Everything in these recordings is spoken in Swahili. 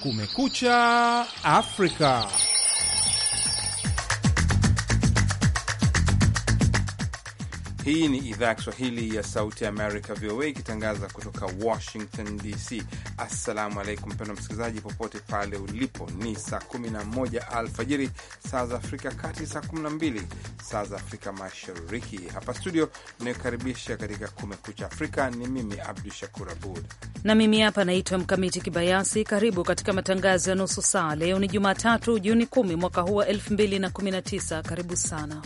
Kumekucha Afrika. Hii ni idhaa ya Kiswahili ya Sauti Amerika, VOA, ikitangaza kutoka Washington DC. Assalamu alaikum mpendwa msikilizaji, popote pale ulipo. Ni saa 11 alfajiri saa za Afrika Kati, saa 12 saa za Afrika Mashariki. Hapa studio inayokaribisha katika Kumekucha Afrika ni mimi Abdu Shakur Abud na mimi hapa naitwa Mkamiti Kibayasi. Karibu katika matangazo ya nusu saa. Leo ni Jumatatu, Juni 10 mwaka huu wa 2019. Karibu sana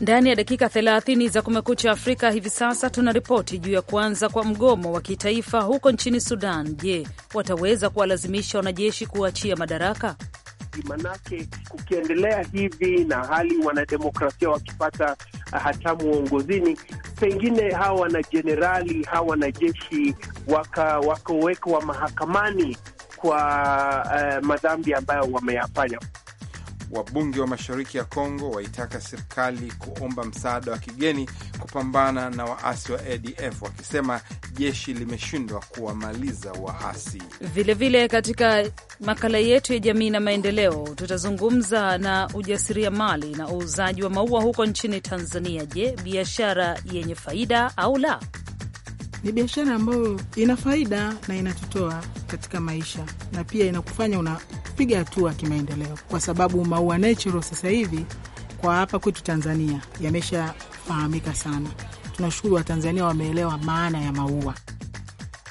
Ndani ya dakika 30 za Kumekucha Afrika hivi sasa tuna ripoti juu ya kuanza kwa mgomo wa kitaifa huko nchini Sudan. Je, wataweza kuwalazimisha wanajeshi kuachia madaraka? Manake kukiendelea hivi na hali wanademokrasia wakipata ah, hatamu uongozini, pengine hawa wanajenerali hawa wanajeshi wakawekwa waka mahakamani kwa uh, madhambi ambayo wameyafanya. Wabunge wa mashariki ya Kongo waitaka serikali kuomba msaada wa kigeni kupambana na waasi wa ADF wakisema jeshi limeshindwa kuwamaliza waasi. Vilevile, katika makala yetu ya jamii na maendeleo tutazungumza na ujasiriamali na uuzaji wa maua huko nchini Tanzania. Je, biashara yenye faida au la? ni biashara ambayo ina faida na inatutoa katika maisha na pia inakufanya unapiga hatua kimaendeleo, kwa sababu maua natural sasa hivi kwa hapa kwetu Tanzania yameshafahamika sana. Tunashukuru Watanzania wameelewa maana ya maua.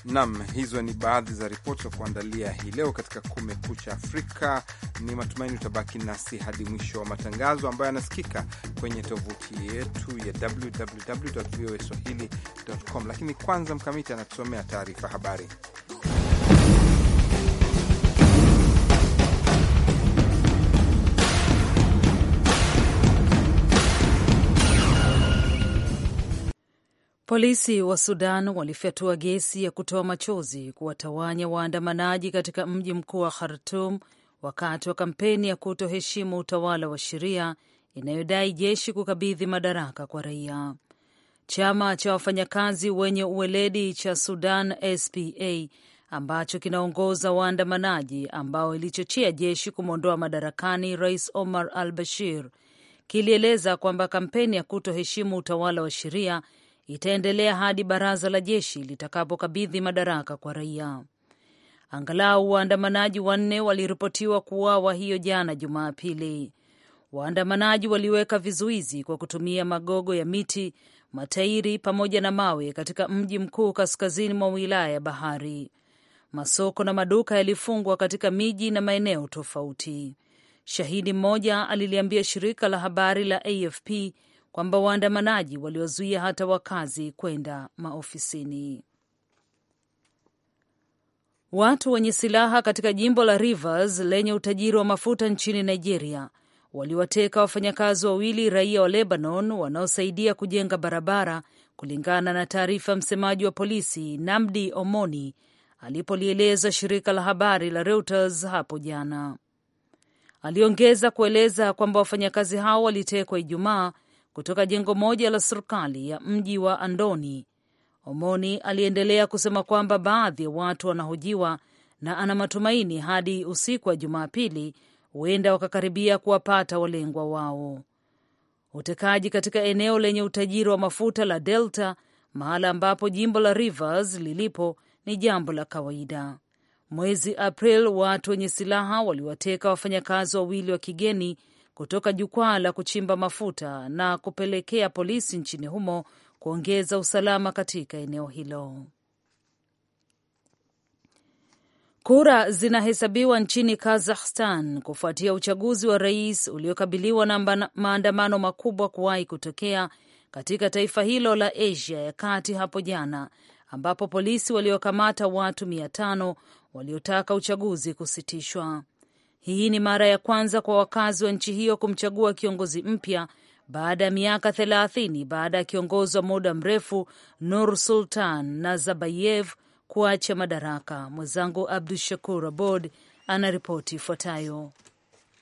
Nam, hizo ni baadhi za ripoti za kuandalia hii leo katika Kumekucha Afrika. Ni matumaini utabaki nasi hadi mwisho wa matangazo ambayo yanasikika kwenye tovuti yetu ya www voa swahili com. Lakini kwanza Mkamiti anatusomea taarifa habari. Polisi wa Sudan walifyatua gesi ya kutoa machozi kuwatawanya waandamanaji katika mji mkuu wa Khartum wakati wa kampeni ya kutoheshimu utawala wa sheria inayodai jeshi kukabidhi madaraka kwa raia. Chama cha wafanyakazi wenye uweledi cha Sudan SPA ambacho kinaongoza waandamanaji ambao ilichochea jeshi kumwondoa madarakani Rais Omar al Bashir kilieleza kwamba kampeni ya kutoheshimu utawala wa sheria itaendelea hadi baraza la jeshi litakapokabidhi madaraka kwa raia. Angalau waandamanaji wanne waliripotiwa kuuawa hiyo jana Jumapili. Waandamanaji waliweka vizuizi kwa kutumia magogo ya miti, matairi pamoja na mawe katika mji mkuu kaskazini mwa wilaya ya Bahari. Masoko na maduka yalifungwa katika miji na maeneo tofauti. Shahidi mmoja aliliambia shirika la habari la AFP kwamba waandamanaji waliwazuia hata wakazi kwenda maofisini. Watu wenye silaha katika jimbo la Rivers lenye utajiri wa mafuta nchini Nigeria waliwateka wafanyakazi wawili raia wa Lebanon wanaosaidia kujenga barabara, kulingana na taarifa msemaji wa polisi Namdi Omoni alipolieleza shirika la habari la Reuters hapo jana. Aliongeza kueleza kwamba wafanyakazi hao walitekwa Ijumaa kutoka jengo moja la serikali ya mji wa Andoni. Omoni aliendelea kusema kwamba baadhi ya watu wanahojiwa na ana matumaini hadi usiku wa Jumapili huenda wakakaribia kuwapata walengwa wao. Utekaji katika eneo lenye utajiri wa mafuta la Delta, mahala ambapo jimbo la Rivers lilipo, ni jambo la kawaida. Mwezi April, watu wenye silaha waliwateka wafanyakazi wawili wa kigeni kutoka jukwaa la kuchimba mafuta na kupelekea polisi nchini humo kuongeza usalama katika eneo hilo. Kura zinahesabiwa nchini Kazakhstan kufuatia uchaguzi wa rais uliokabiliwa na maandamano makubwa kuwahi kutokea katika taifa hilo la Asia ya kati hapo jana, ambapo polisi waliokamata watu mia tano waliotaka uchaguzi kusitishwa. Hii ni mara ya kwanza kwa wakazi wa nchi hiyo kumchagua kiongozi mpya baada ya miaka thelathini baada ya kiongozi wa muda mrefu Nur Sultan Nazarbayev kuacha madaraka. Mwenzangu Abdu Shakur Abod anaripoti ifuatayo.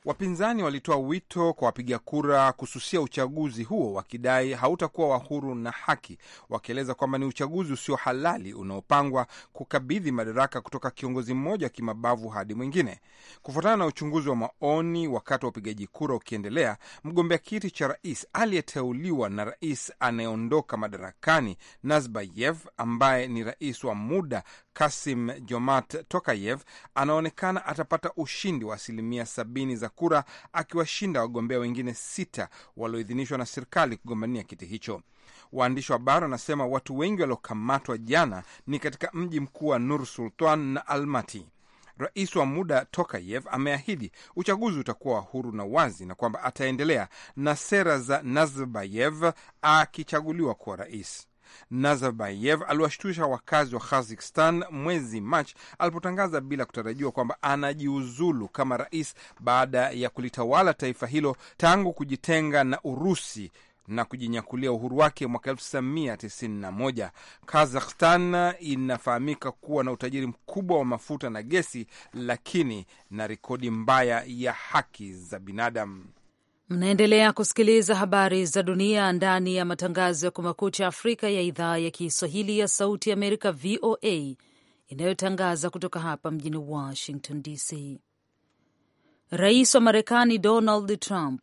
Wapinzani walitoa wito kwa wapiga kura kususia uchaguzi huo, wakidai hautakuwa wa huru na haki, wakieleza kwamba ni uchaguzi usio halali unaopangwa kukabidhi madaraka kutoka kiongozi mmoja wa kimabavu hadi mwingine. Kufuatana na uchunguzi wa maoni wakati wa upigaji kura ukiendelea, mgombea kiti cha rais aliyeteuliwa na rais anayeondoka madarakani Nazarbayev, ambaye ni rais wa muda Kasim Jomat Tokayev anaonekana atapata ushindi wa asilimia sabini za kura akiwashinda wagombea wengine sita walioidhinishwa na serikali kugombania kiti hicho. Waandishi wa habari wanasema watu wengi waliokamatwa jana ni katika mji mkuu wa Nur Sultan na Almati. Rais wa muda Tokayev ameahidi uchaguzi utakuwa wa huru na wazi na kwamba ataendelea na sera za Nazarbayev akichaguliwa kuwa rais. Nazarbayev aliwashtusha wakazi wa Kazakhstan mwezi Machi alipotangaza bila kutarajiwa kwamba anajiuzulu kama rais baada ya kulitawala taifa hilo tangu kujitenga na Urusi na kujinyakulia uhuru wake mwaka 1991. Kazakhstan inafahamika kuwa na utajiri mkubwa wa mafuta na gesi, lakini na rekodi mbaya ya haki za binadamu. Mnaendelea kusikiliza habari za dunia ndani ya matangazo ya Kumekucha Afrika ya idhaa ya Kiswahili ya Sauti ya Amerika, VOA, inayotangaza kutoka hapa mjini Washington DC. Rais wa Marekani Donald Trump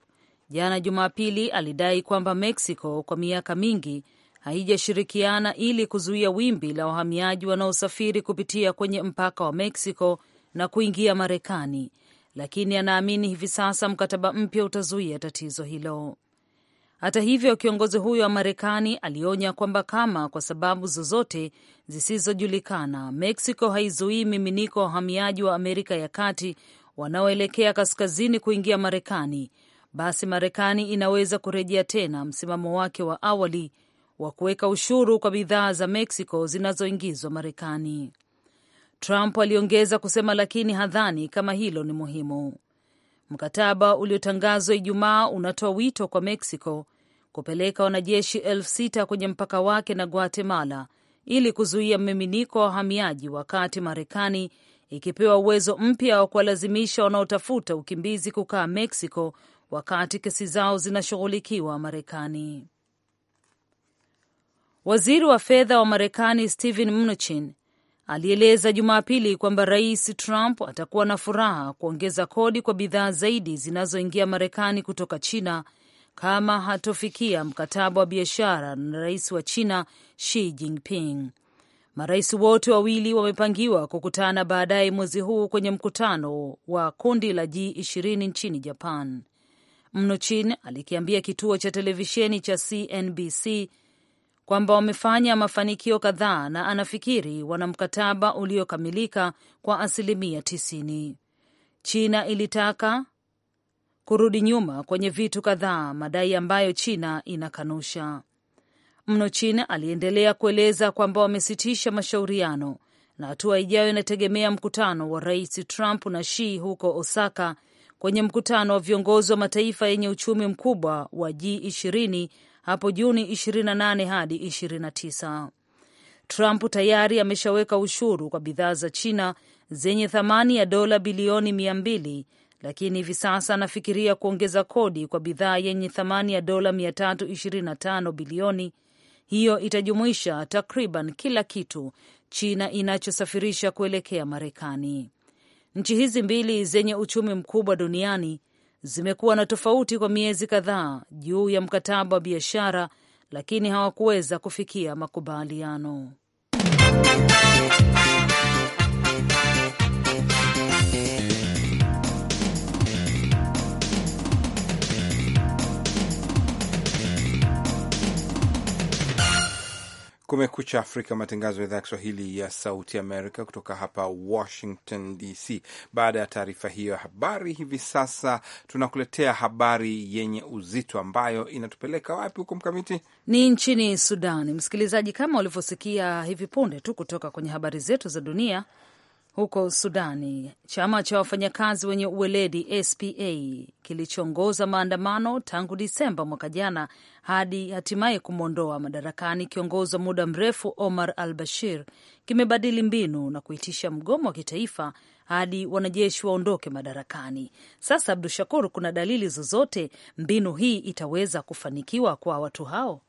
jana Jumapili alidai kwamba Mexico kwa miaka mingi haijashirikiana ili kuzuia wimbi la wahamiaji wanaosafiri kupitia kwenye mpaka wa Mexico na kuingia Marekani lakini anaamini hivi sasa mkataba mpya utazuia tatizo hilo. Hata hivyo, kiongozi huyo wa Marekani alionya kwamba kama kwa sababu zozote zisizojulikana Meksiko haizuii miminiko wa wahamiaji wa Amerika ya Kati wanaoelekea kaskazini kuingia Marekani, basi Marekani inaweza kurejea tena msimamo wake wa awali wa kuweka ushuru kwa bidhaa za Meksiko zinazoingizwa Marekani. Trump aliongeza kusema, lakini hadhani kama hilo ni muhimu. Mkataba uliotangazwa Ijumaa unatoa wito kwa Mexico kupeleka wanajeshi elfu sita kwenye mpaka wake na Guatemala ili kuzuia mmiminiko wa wahamiaji, wakati Marekani ikipewa uwezo mpya wa kuwalazimisha wanaotafuta ukimbizi kukaa Mexico wakati kesi zao zinashughulikiwa Marekani. Waziri wa fedha wa Marekani Steven Mnuchin alieleza Jumapili kwamba Rais Trump atakuwa na furaha kuongeza kodi kwa bidhaa zaidi zinazoingia Marekani kutoka China kama hatofikia mkataba wa biashara na rais wa China Xi Jinping. Marais wote wawili wamepangiwa kukutana baadaye mwezi huu kwenye mkutano wa kundi la G20 nchini Japan. Mnuchin alikiambia kituo cha televisheni cha CNBC kwamba wamefanya mafanikio kadhaa na anafikiri wana mkataba uliokamilika kwa asilimia tisini. China ilitaka kurudi nyuma kwenye vitu kadhaa, madai ambayo China inakanusha mno. China aliendelea kueleza kwamba wamesitisha mashauriano na hatua ijayo inategemea mkutano wa rais Trump na Xi huko Osaka kwenye mkutano wa viongozi wa mataifa yenye uchumi mkubwa wa G20 hapo Juni 28 hadi 29. Trump tayari ameshaweka ushuru kwa bidhaa za China zenye thamani ya dola bilioni 200 lakini hivi sasa anafikiria kuongeza kodi kwa bidhaa yenye thamani ya dola 325 bilioni. Hiyo itajumuisha takriban kila kitu China inachosafirisha kuelekea Marekani. Nchi hizi mbili zenye uchumi mkubwa duniani zimekuwa na tofauti kwa miezi kadhaa juu ya mkataba wa biashara, lakini hawakuweza kufikia makubaliano. Kumekucha Afrika, matangazo ya idhaa ya Kiswahili ya Sauti Amerika kutoka hapa Washington DC. Baada ya taarifa hiyo ya habari, hivi sasa tunakuletea habari yenye uzito ambayo inatupeleka wapi huko, Mkamiti? Ni nchini Sudani. Msikilizaji, kama ulivyosikia hivi punde tu kutoka kwenye habari zetu za dunia huko Sudani, chama cha wafanyakazi wenye uweledi SPA kilichoongoza maandamano tangu Disemba mwaka jana hadi hatimaye kumwondoa madarakani kiongozi wa muda mrefu Omar al Bashir kimebadili mbinu na kuitisha mgomo wa kitaifa hadi wanajeshi waondoke madarakani. Sasa, Abdu Shakur, kuna dalili zozote mbinu hii itaweza kufanikiwa kwa watu hao?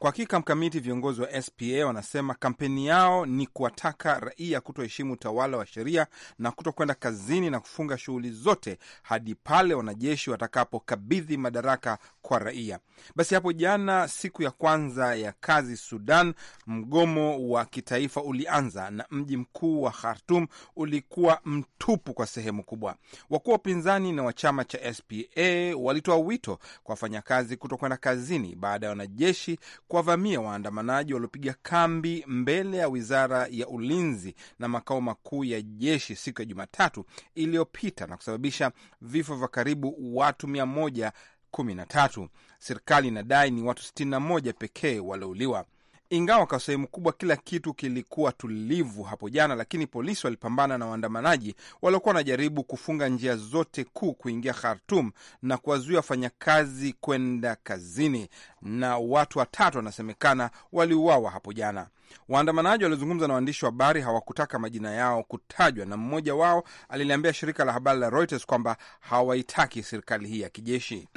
Kwa hakika mkamiti, viongozi wa SPA wanasema kampeni yao ni kuwataka raia kutoheshimu utawala wa sheria na kutokwenda kazini na kufunga shughuli zote hadi pale wanajeshi watakapokabidhi madaraka kwa raia. Basi hapo jana, siku ya kwanza ya kazi Sudan, mgomo wa kitaifa ulianza na mji mkuu wa Khartum ulikuwa mtupu kwa sehemu kubwa. Wakuu wa upinzani na wa chama cha SPA walitoa wito kwa wafanyakazi kutokwenda kazini baada ya wanajeshi kuwavamia waandamanaji waliopiga kambi mbele ya wizara ya ulinzi na makao makuu ya jeshi siku ya Jumatatu iliyopita na kusababisha vifo vya karibu watu mia moja kumi na tatu. Serikali inadai ni watu moja pekee waliouliwa. Ingawa kwa sehemu kubwa kila kitu kilikuwa tulivu hapo jana, lakini polisi walipambana na waandamanaji waliokuwa wanajaribu kufunga njia zote kuu kuingia Khartum na kuwazuia wafanyakazi kwenda kazini, na watu watatu wanasemekana waliuawa hapo jana. Waandamanaji waliozungumza na waandishi wa habari hawakutaka majina yao kutajwa, na mmoja wao aliliambia shirika la habari la Reuters kwamba hawaitaki serikali hii ya kijeshi.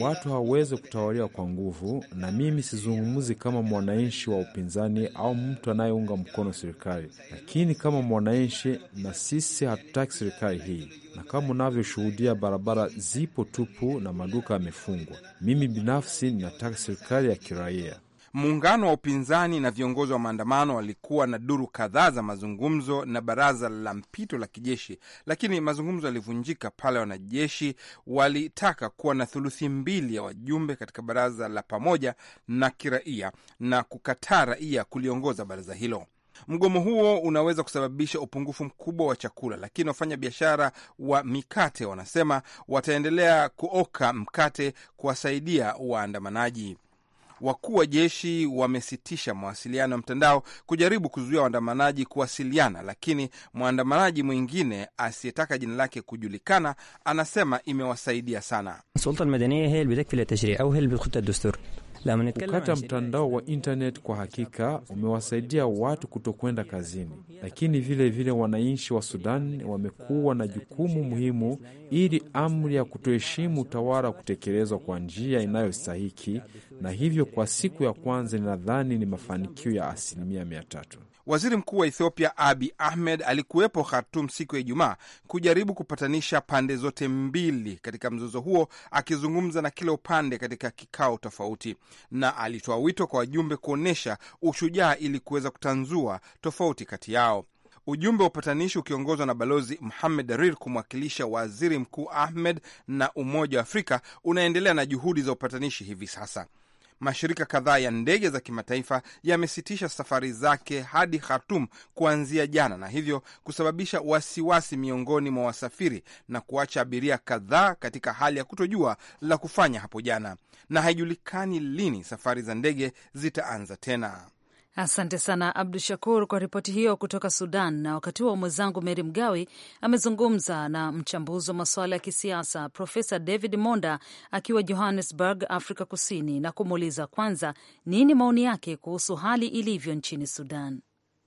Watu hawawezi kutawaliwa kwa nguvu, na mimi sizungumzi kama mwananchi wa upinzani au mtu anayeunga mkono serikali, lakini kama mwananchi, na sisi hatutaki serikali hii na kama unavyoshuhudia, barabara zipo tupu na maduka yamefungwa. Mimi binafsi ninataka serikali ya kiraia Muungano wa upinzani na viongozi wa maandamano walikuwa na duru kadhaa za mazungumzo na baraza la mpito la kijeshi, lakini mazungumzo yalivunjika pale wanajeshi walitaka kuwa na thuluthi mbili ya wajumbe katika baraza la pamoja na kiraia na kukataa raia kuliongoza baraza hilo. Mgomo huo unaweza kusababisha upungufu mkubwa wa chakula, lakini wafanya biashara wa mikate wanasema wataendelea kuoka mkate kuwasaidia waandamanaji. Wakuu wa jeshi wamesitisha mawasiliano ya mtandao kujaribu kuzuia waandamanaji kuwasiliana, lakini mwandamanaji mwingine asiyetaka jina lake kujulikana anasema imewasaidia sana. Kukata mtandao wa intaneti kwa hakika umewasaidia watu kutokwenda kazini, lakini vile vile wananchi wa Sudani wamekuwa na jukumu muhimu ili amri ya kutoheshimu utawala kutekelezwa kwa njia inayostahiki, na hivyo kwa siku ya kwanza ninadhani ni mafanikio ya asilimia mia tatu. Waziri mkuu wa Ethiopia Abi Ahmed alikuwepo Khartum siku ya Ijumaa kujaribu kupatanisha pande zote mbili katika mzozo huo, akizungumza na kila upande katika kikao tofauti, na alitoa wito kwa wajumbe kuonyesha ushujaa ili kuweza kutanzua tofauti kati yao. Ujumbe wa upatanishi ukiongozwa na Balozi muhamed Darir kumwakilisha Waziri Mkuu Ahmed na Umoja wa Afrika unaendelea na juhudi za upatanishi hivi sasa mashirika kadhaa ya ndege za kimataifa yamesitisha safari zake hadi Khartum kuanzia jana, na hivyo kusababisha wasiwasi miongoni mwa wasafiri na kuacha abiria kadhaa katika hali ya kutojua la kufanya hapo jana, na haijulikani lini safari za ndege zitaanza tena. Asante sana Abdu Shakur kwa ripoti hiyo kutoka Sudan. Na wakati huo mwenzangu Meri Mgawe amezungumza na mchambuzi wa masuala ya kisiasa Profesa David Monda akiwa Johannesburg, Afrika Kusini, na kumuuliza kwanza nini maoni yake kuhusu hali ilivyo nchini Sudan.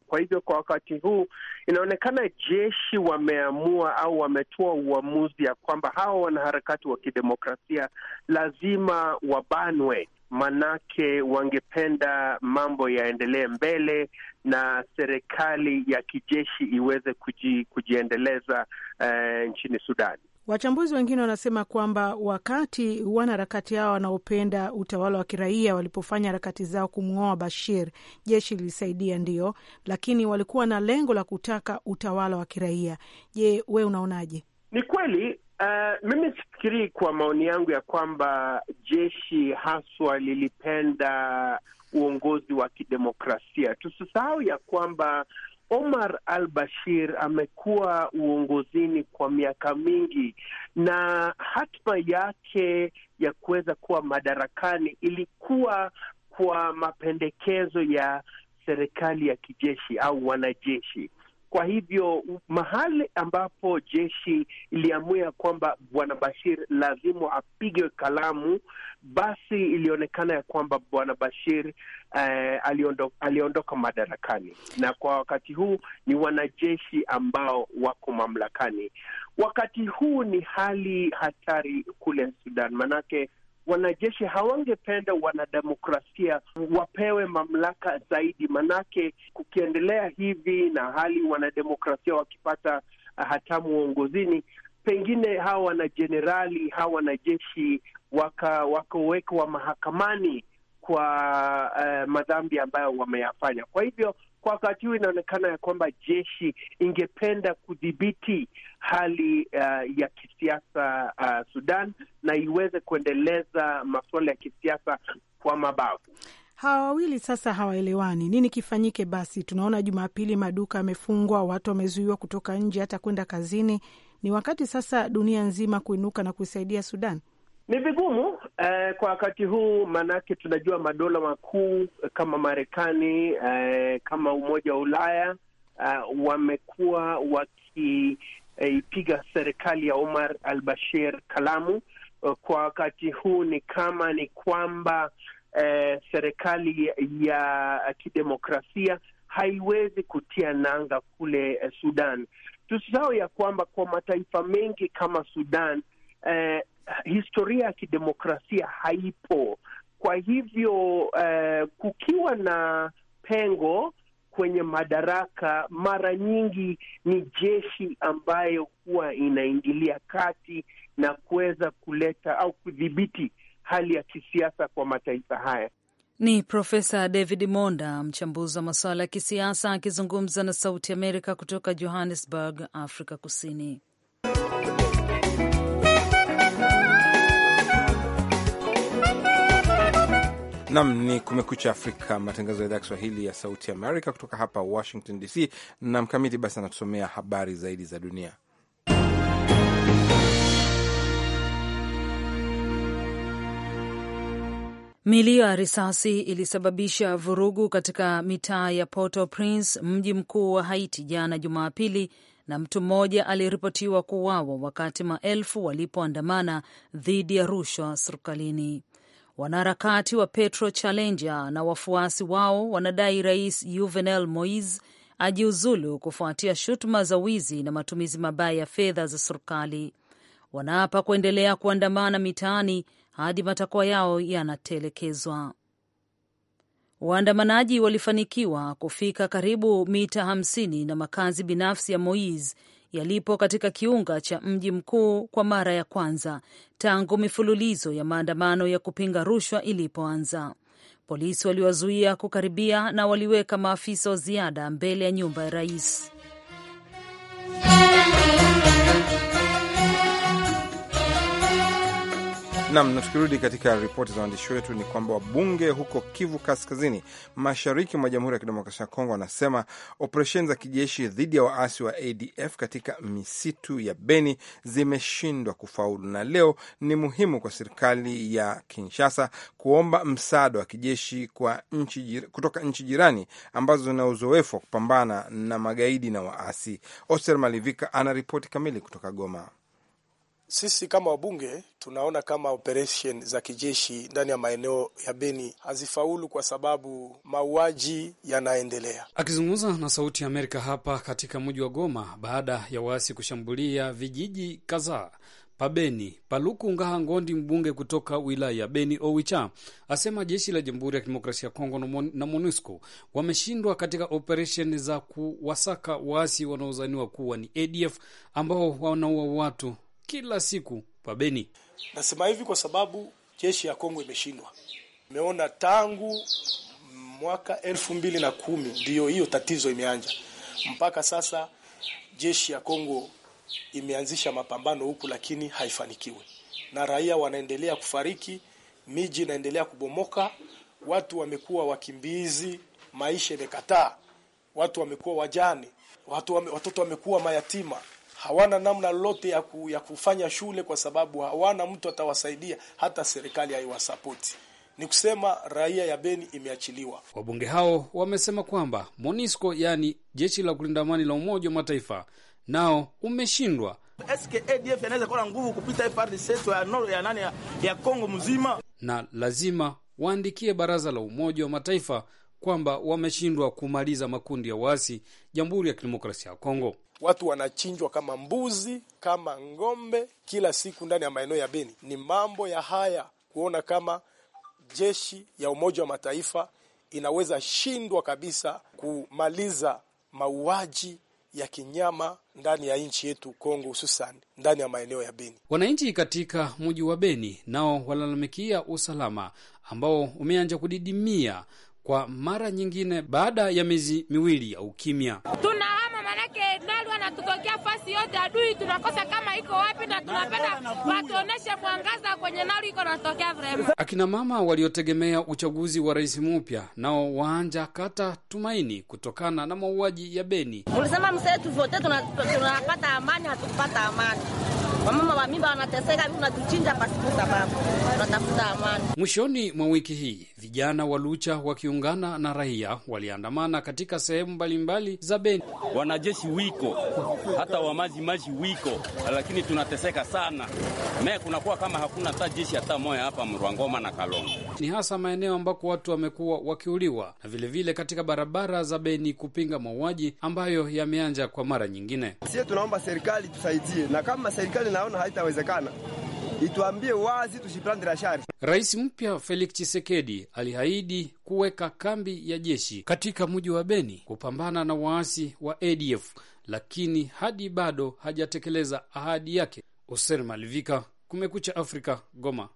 Kwa hivyo kwa wakati huu inaonekana jeshi wameamua au wametoa uamuzi ya kwamba hawa wanaharakati wa kidemokrasia lazima wabanwe manake wangependa mambo yaendelee mbele na serikali ya kijeshi iweze kuji, kujiendeleza uh, nchini Sudani. Wachambuzi wengine wanasema kwamba wakati wanaharakati hao wanaopenda utawala wa kiraia walipofanya harakati zao kumng'oa Bashir, jeshi lilisaidia ndio, lakini walikuwa na lengo la kutaka utawala wa kiraia. Je, wee unaonaje? Ni kweli Uh, mimi sifikirii kwa maoni yangu ya kwamba jeshi haswa lilipenda uongozi wa kidemokrasia. Tusisahau ya kwamba Omar al-Bashir amekuwa uongozini kwa miaka mingi na hatima yake ya kuweza kuwa madarakani ilikuwa kwa mapendekezo ya serikali ya kijeshi au wanajeshi. Kwa hivyo mahali ambapo jeshi iliamua kwamba bwana Bashir lazima apigwe kalamu, basi ilionekana ya kwamba bwana Bashir eh, aliondo, aliondoka madarakani, na kwa wakati huu ni wanajeshi ambao wako mamlakani. Wakati huu ni hali hatari kule Sudan, manake wanajeshi hawangependa wanademokrasia wapewe mamlaka zaidi, manake kukiendelea hivi na hali wanademokrasia wakipata uh, hatamu uongozini, pengine hawa wanajenerali hawa wanajeshi wakawekwa mahakamani kwa uh, madhambi ambayo wameyafanya. Kwa hivyo kwa wakati huu inaonekana ya kwamba jeshi ingependa kudhibiti hali uh, ya kisiasa uh, Sudan na iweze kuendeleza masuala ya kisiasa kwa mabavu. Hawa wawili sasa hawaelewani, nini kifanyike? Basi tunaona Jumapili maduka yamefungwa, watu wamezuiwa kutoka nje, hata kwenda kazini. Ni wakati sasa dunia nzima kuinuka na kuisaidia Sudan. Ni vigumu eh, kwa wakati huu, maanake tunajua madola makuu eh, kama Marekani eh, kama Umoja wa Ulaya eh, wamekuwa wakiipiga eh, serikali ya Omar al-Bashir kalamu. Kwa wakati huu ni kama ni kwamba eh, serikali ya kidemokrasia haiwezi kutia nanga kule eh, Sudan. Tusisahau ya kwamba kwa mataifa mengi kama Sudan eh, historia ya kidemokrasia haipo. Kwa hivyo uh, kukiwa na pengo kwenye madaraka, mara nyingi ni jeshi ambayo huwa inaingilia kati na kuweza kuleta au kudhibiti hali ya kisiasa kwa mataifa haya. Ni Profesa David Monda, mchambuzi wa masuala ya kisiasa, akizungumza na Sauti Amerika kutoka Johannesburg, Afrika Kusini. Nam ni Kumekucha Afrika, matangazo ya idhaa ya Kiswahili ya Sauti Amerika kutoka hapa Washington DC. Na Mkamiti basi anatusomea habari zaidi za dunia. Milio ya risasi ilisababisha vurugu katika mitaa ya porto prince mji mkuu wa Haiti, jana Jumapili, na mtu mmoja aliripotiwa kuuawa wakati maelfu walipoandamana dhidi ya rushwa serikalini. Wanaharakati wa Petro Challenger na wafuasi wao wanadai Rais Juvenal mois ajiuzulu kufuatia shutuma za wizi na matumizi mabaya ya fedha za serikali. Wanaapa kuendelea kuandamana mitaani hadi matakwa yao yanatelekezwa. Waandamanaji walifanikiwa kufika karibu mita hamsini na makazi binafsi ya Moise yalipo katika kiunga cha mji mkuu kwa mara ya kwanza tangu mifululizo ya maandamano ya kupinga rushwa ilipoanza. Polisi waliwazuia kukaribia na waliweka maafisa wa ziada mbele ya nyumba ya rais. Nam na tukirudi katika ripoti za waandishi wetu ni kwamba wabunge huko Kivu Kaskazini, mashariki mwa Jamhuri ya Kidemokrasia ya Kongo wanasema operesheni za kijeshi dhidi ya waasi wa ADF katika misitu ya Beni zimeshindwa kufaulu, na leo ni muhimu kwa serikali ya Kinshasa kuomba msaada wa kijeshi kwa nchi, kutoka nchi jirani ambazo zina uzoefu wa kupambana na magaidi na waasi. Oster Malivika ana ripoti kamili kutoka Goma. Sisi kama wabunge tunaona kama operesheni za kijeshi ndani ya maeneo ya Beni hazifaulu kwa sababu mauaji yanaendelea. Akizungumza na Sauti ya Amerika hapa katika mji wa Goma baada ya waasi kushambulia vijiji kadhaa pabeni Paluku Ngaha Ngondi, mbunge kutoka wilaya ya Beni Owicha, asema jeshi la Jamhuri ya Kidemokrasia ya Kongo na MONUSCO wameshindwa katika operesheni za kuwasaka waasi wanaozaniwa kuwa ni ADF ambao wanaua watu kila siku pa Beni. Nasema hivi kwa sababu jeshi ya Kongo imeshindwa. Imeona tangu mwaka elfu mbili na kumi ndiyo hiyo tatizo imeanja mpaka sasa. Jeshi ya Kongo imeanzisha mapambano huku, lakini haifanikiwe, na raia wanaendelea kufariki, miji inaendelea kubomoka, watu wamekuwa wakimbizi, maisha imekataa, watu wamekuwa wajane, watu wame, watoto wamekuwa mayatima hawana namna lolote ya, ku, ya kufanya shule kwa sababu hawana mtu atawasaidia, hata serikali haiwasapoti. Ni kusema raia ya Beni imeachiliwa. Wabunge hao wamesema kwamba monisco yaani jeshi la kulinda amani la Umoja wa Mataifa nao umeshindwa. Eske ADF kuwa na nguvu kupita FARDC ya nord ya ya Kongo mzima, na lazima waandikie baraza la Umoja wa Mataifa kwamba wameshindwa kumaliza makundi ya waasi Jamhuri ya Kidemokrasia ya Kongo watu wanachinjwa kama mbuzi, kama ng'ombe kila siku ndani ya maeneo ya Beni. Ni mambo ya haya kuona kama jeshi ya Umoja wa Mataifa inaweza shindwa kabisa kumaliza mauaji ya kinyama ndani ya nchi yetu Kongo, hususan ndani ya maeneo ya Beni. Wananchi katika mji wa Beni nao walalamikia usalama ambao umeanza kudidimia kwa mara nyingine baada ya miezi miwili ya ukimya maanake nalu anatutokea fasi yote, adui tunakosa kama iko wapi, na tunapenda watuoneshe mwangaza kwenye nalu iko natokea vrema. Akina mama waliotegemea uchaguzi wa rais mpya nao waanja kata tumaini kutokana na mauaji ya Beni. Mlisema msee tuvote tunapata amani, hatukupata amani Wamama wa mimba wanateseka, unatuchinja pasipo sababu, tunatafuta amani. Mwishoni mwa wiki hii vijana wa Lucha wakiungana na raia waliandamana katika sehemu mbalimbali za Beni. Wanajeshi wiko hata wamajimaji wiko, lakini tunateseka sana me, kunakuwa kama hakuna hata jeshi hata moya hapa Mrwangoma na Kalonga. ni hasa maeneo ambako watu wamekuwa wakiuliwa na vilevile vile katika barabara za Beni kupinga mauaji ambayo yameanja kwa mara nyingine. Sie tunaomba serikali tusaidie, na kama serikali naona haitawezekana. Ituambie wazi tusiplande la shari. Rais mpya Felix chisekedi aliahidi kuweka kambi ya jeshi katika mji wa Beni kupambana na waasi wa ADF, lakini hadi bado hajatekeleza ahadi yake. Oser Malivika, Kumekucha Afrika, Goma.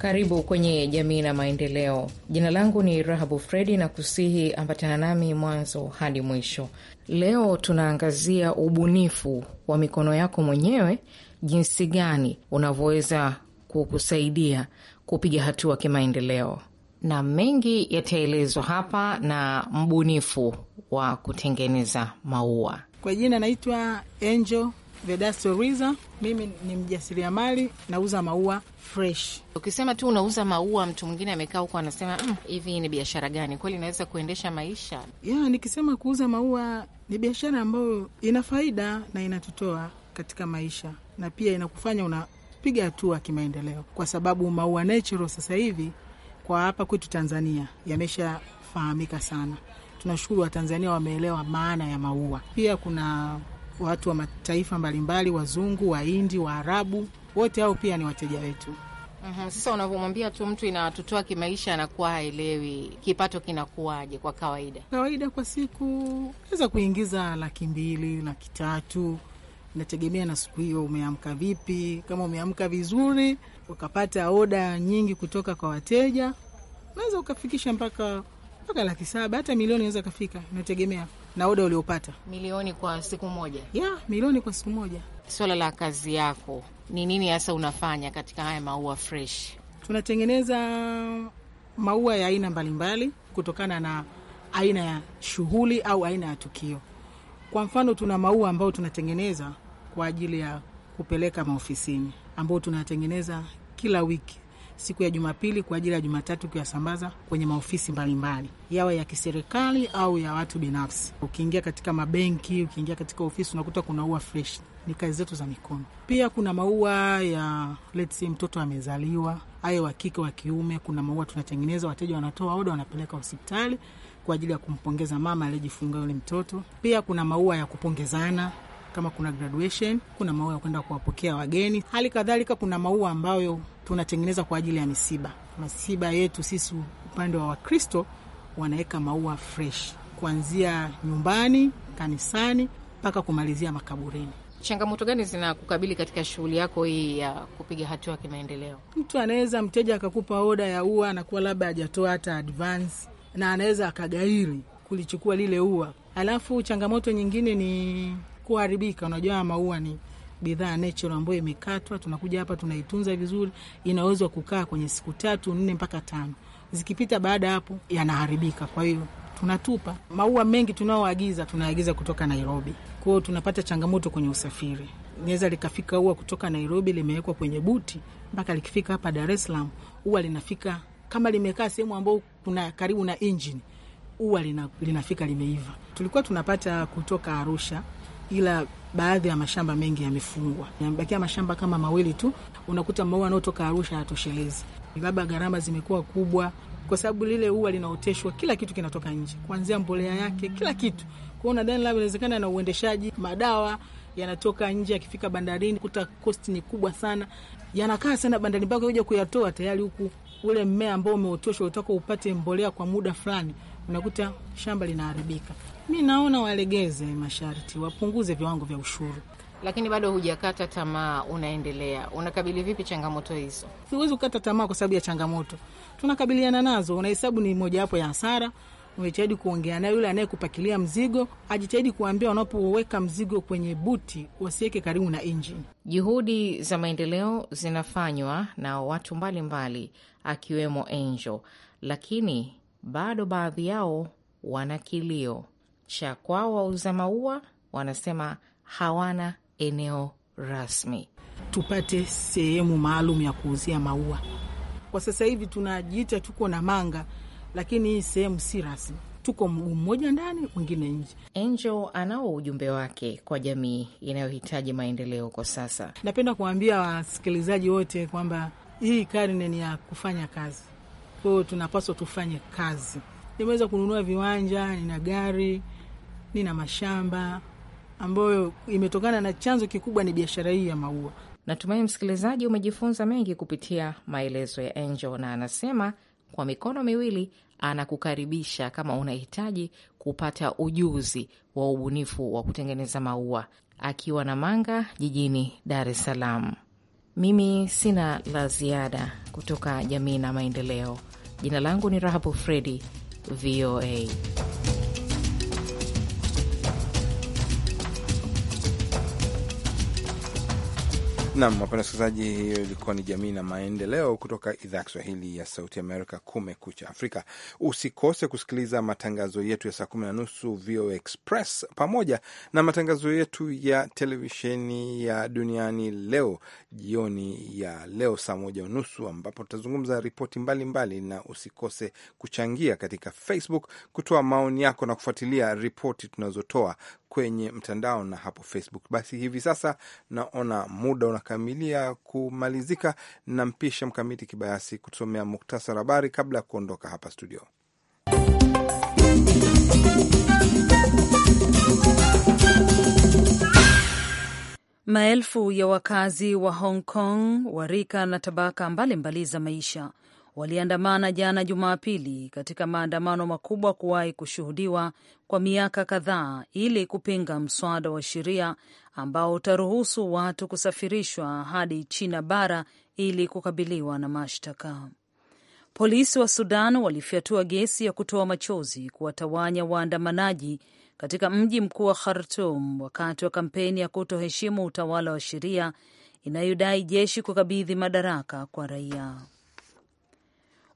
Karibu kwenye Jamii na Maendeleo. Jina langu ni Rahabu Fredi na kusihi ambatana nami mwanzo hadi mwisho. Leo tunaangazia ubunifu wa mikono yako mwenyewe, jinsi gani unavyoweza kukusaidia kupiga hatua kimaendeleo, na mengi yataelezwa hapa na mbunifu wa kutengeneza maua. Kwa jina naitwa Angel Vedasto Riza. Mimi ni mjasiriamali, nauza maua fresh. Ukisema tu unauza maua, mtu mwingine amekaa huko anasema mm, hivi, mm, ni biashara gani kweli inaweza kuendesha maisha ya? Nikisema kuuza maua ni biashara ambayo ina faida na inatutoa katika maisha na pia inakufanya unapiga hatua kimaendeleo, kwa sababu maua natural sasa hivi kwa hapa kwetu Tanzania yameshafahamika sana. Tunashukuru Watanzania wameelewa maana ya maua. Pia kuna watu wa mataifa mbalimbali, wazungu, wahindi, waarabu, wote hao pia ni wateja wetu. Uhum. Sasa unavyomwambia tu mtu inatutoa kimaisha, anakuwa haelewi kipato kinakuwaje. Kwa kawaida kawaida, kwa siku naweza kuingiza laki mbili laki tatu nategemea na siku hiyo umeamka vipi. Kama umeamka vizuri ukapata oda nyingi kutoka kwa wateja, unaweza ukafikisha mpaka mpaka laki saba hata milioni inaweza kafika, nategemea na oda uliopata milioni kwa siku moja ya yeah, milioni kwa siku moja. Swala la kazi yako ni nini hasa unafanya katika haya maua fresh? Tunatengeneza maua ya aina mbalimbali kutokana na aina ya shughuli au aina ya tukio. Kwa mfano, tuna maua ambayo tunatengeneza kwa ajili ya kupeleka maofisini, ambayo tunatengeneza kila wiki siku ya Jumapili kwa ajili ya Jumatatu kuyasambaza kwenye maofisi mbalimbali mbali, yawe ya kiserikali au ya watu binafsi. Ukiingia katika mabenki, ukiingia katika ofisi unakuta kuna ua fresh, ni kazi zetu za mikono. Pia kuna maua ya let's say mtoto amezaliwa, aye wa kike wa kiume, kuna maua tunatengeneza, wateja wanatoa oda, wanapeleka hospitali kwa ajili ya kumpongeza mama aliyejifungua yule mtoto. Pia kuna maua ya kupongezana kama kuna graduation, kuna maua ya kwenda kuwapokea wageni, hali kadhalika kuna maua ambayo tunatengeneza kwa ajili ya misiba. Misiba yetu sisi upande wa Wakristo wanaweka maua fresh kuanzia nyumbani, kanisani mpaka kumalizia makaburini. Changamoto gani zinakukabili katika shughuli yako hii ya kupiga hatua kimaendeleo? Mtu anaweza mteja akakupa oda ya ua, anakuwa labda hajatoa hata advance, na anaweza akagairi kulichukua lile ua. Alafu changamoto nyingine ni kuharibika. Unajua maua ni bidhaa natural ambayo imekatwa, tunakuja hapa tunaitunza vizuri, inaweza kukaa kwenye siku tatu nne mpaka tano. Zikipita baada hapo yanaharibika, kwa hiyo tunatupa. Maua mengi tunaoagiza tunaagiza kutoka Nairobi, kwa tunapata changamoto kwenye usafiri. Naweza likafika ua kutoka Nairobi limewekwa kwenye buti mpaka likifika hapa Dar es Salaam, ua linafika kama limekaa sehemu ambayo kuna karibu na engine, ua lina, linafika limeiva. Tulikuwa tunapata kutoka Arusha ila baadhi ya mashamba mengi yamefungwa, yamebakia mashamba kama mawili tu. Unakuta maua anaotoka Arusha hayatoshelezi, labda gharama zimekuwa kubwa, kwa sababu lile ua linaoteshwa, kila kitu kinatoka nje, kuanzia mbolea yake, kila kitu. Kwao nadhani labda inawezekana na uendeshaji, madawa yanatoka nje, yakifika bandarini kuta kosti ni kubwa sana, yanakaa sana bandarini mpaka kuja kuyatoa tayari, huku ule mmea ambao umeotoshwa utaka upate mbolea kwa muda fulani unakuta shamba linaharibika. Mi naona walegeze masharti, wapunguze viwango vya ushuru. Lakini bado hujakata tamaa, unaendelea. Unakabili vipi changamoto hizo? Siwezi kukata tamaa kwa sababu ya changamoto tunakabiliana nazo. Unahesabu ni mojawapo ya hasara umejitahidi kuongea naye, yule anayekupakilia mzigo ajitahidi kuambia, wanapoweka mzigo kwenye buti wasiweke karibu na injini. Juhudi za maendeleo zinafanywa na watu mbalimbali mbali, akiwemo Angel, lakini bado baadhi yao wana kilio cha kwao. Wauza maua wanasema hawana eneo rasmi. Tupate sehemu maalum ya kuuzia maua. Kwa sasa hivi tunajiita tuko na manga, lakini hii sehemu si rasmi. Tuko mguu mmoja ndani, mwingine nje. Angel anao ujumbe wake kwa jamii inayohitaji maendeleo kwa sasa. Napenda kuwaambia wasikilizaji wote kwamba hii karne ni ya kufanya kazi kwa hiyo tunapaswa tufanye kazi. Nimeweza kununua viwanja, nina gari, nina mashamba ambayo imetokana na chanzo kikubwa ni biashara hii ya maua. Natumai msikilizaji umejifunza mengi kupitia maelezo ya Angel, na anasema kwa mikono miwili anakukaribisha kama unahitaji kupata ujuzi wa ubunifu wa kutengeneza maua, akiwa na Manga jijini Dar es Salaam. Mimi sina la ziada kutoka jamii na maendeleo. Jina langu ni Rahabu Fredi, VOA. Nam, wapenda wasikilizaji, hiyo ilikuwa ni jamii na maendeleo kutoka idhaa ya Kiswahili ya Sauti Amerika, Kumekucha Afrika. Usikose kusikiliza matangazo yetu ya saa kumi na nusu VOA Express pamoja na matangazo yetu ya televisheni ya Duniani Leo jioni ya leo saa moja unusu ambapo tutazungumza ripoti mbalimbali, na usikose kuchangia katika Facebook, kutoa maoni yako na kufuatilia ripoti tunazotoa kwenye mtandao na hapo Facebook. Basi hivi sasa naona muda unakamilia kumalizika, nampisha Mkamiti Kibayasi kutusomea muktasar habari kabla ya kuondoka hapa studio. Maelfu ya wakazi wa Hong Kong wa rika na tabaka mbalimbali za maisha waliandamana jana Jumapili katika maandamano makubwa kuwahi kushuhudiwa kwa miaka kadhaa ili kupinga mswada wa sheria ambao utaruhusu watu kusafirishwa hadi China bara ili kukabiliwa na mashtaka. Polisi wa Sudan walifyatua gesi ya kutoa machozi kuwatawanya waandamanaji katika mji mkuu wa Khartum wakati wa kampeni ya kutoheshimu utawala wa sheria inayodai jeshi kukabidhi madaraka kwa raia.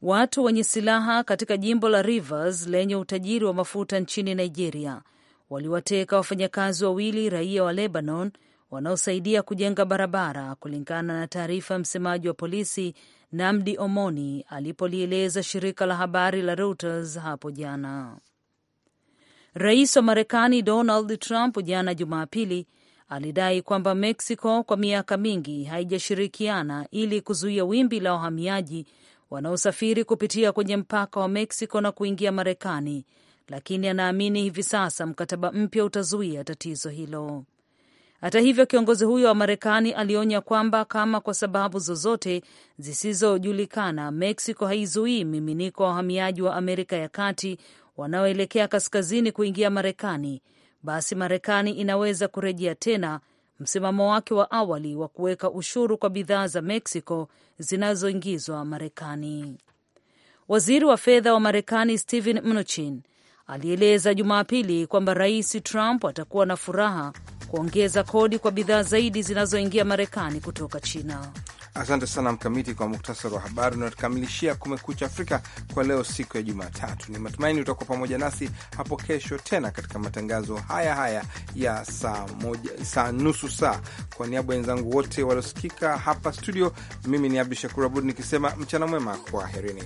Watu wenye silaha katika jimbo la Rivers lenye utajiri wa mafuta nchini Nigeria waliwateka wafanyakazi wawili raia wa Lebanon wanaosaidia kujenga barabara, kulingana na taarifa ya msemaji wa polisi Namdi Omoni alipolieleza shirika la habari la Reuters hapo jana. Rais wa Marekani Donald Trump jana Jumapili alidai kwamba Mexico kwa miaka mingi haijashirikiana ili kuzuia wimbi la wahamiaji wanaosafiri kupitia kwenye mpaka wa mexico na kuingia Marekani, lakini anaamini hivi sasa mkataba mpya utazuia tatizo hilo. Hata hivyo, kiongozi huyo wa Marekani alionya kwamba kama kwa sababu zozote zisizojulikana Mexico haizuii miminiko wa wahamiaji wa Amerika ya Kati wanaoelekea kaskazini kuingia Marekani, basi Marekani inaweza kurejea tena msimamo wake wa awali wa kuweka ushuru kwa bidhaa za Mexico zinazoingizwa Marekani. Waziri wa fedha wa Marekani Steven Mnuchin alieleza Jumapili kwamba Rais Trump atakuwa na furaha kuongeza kodi kwa bidhaa zaidi zinazoingia Marekani kutoka China. Asante sana Mkamiti kwa muktasari wa habari kumekuu Kumekucha Afrika kwa leo, siku ya Jumatatu. Ni matumaini utakuwa pamoja nasi hapo kesho tena katika matangazo haya haya ya saa moja, saa nusu saa. Kwa niaba ya wenzangu wote waliosikika hapa studio, mimi ni Abdu Shakur Abud nikisema mchana mwema, kwa herini